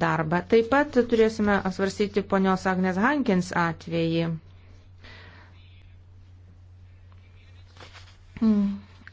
darbą. Taip pat turėsime svarstyti ponios Agnes Hankins atvejį. Mm.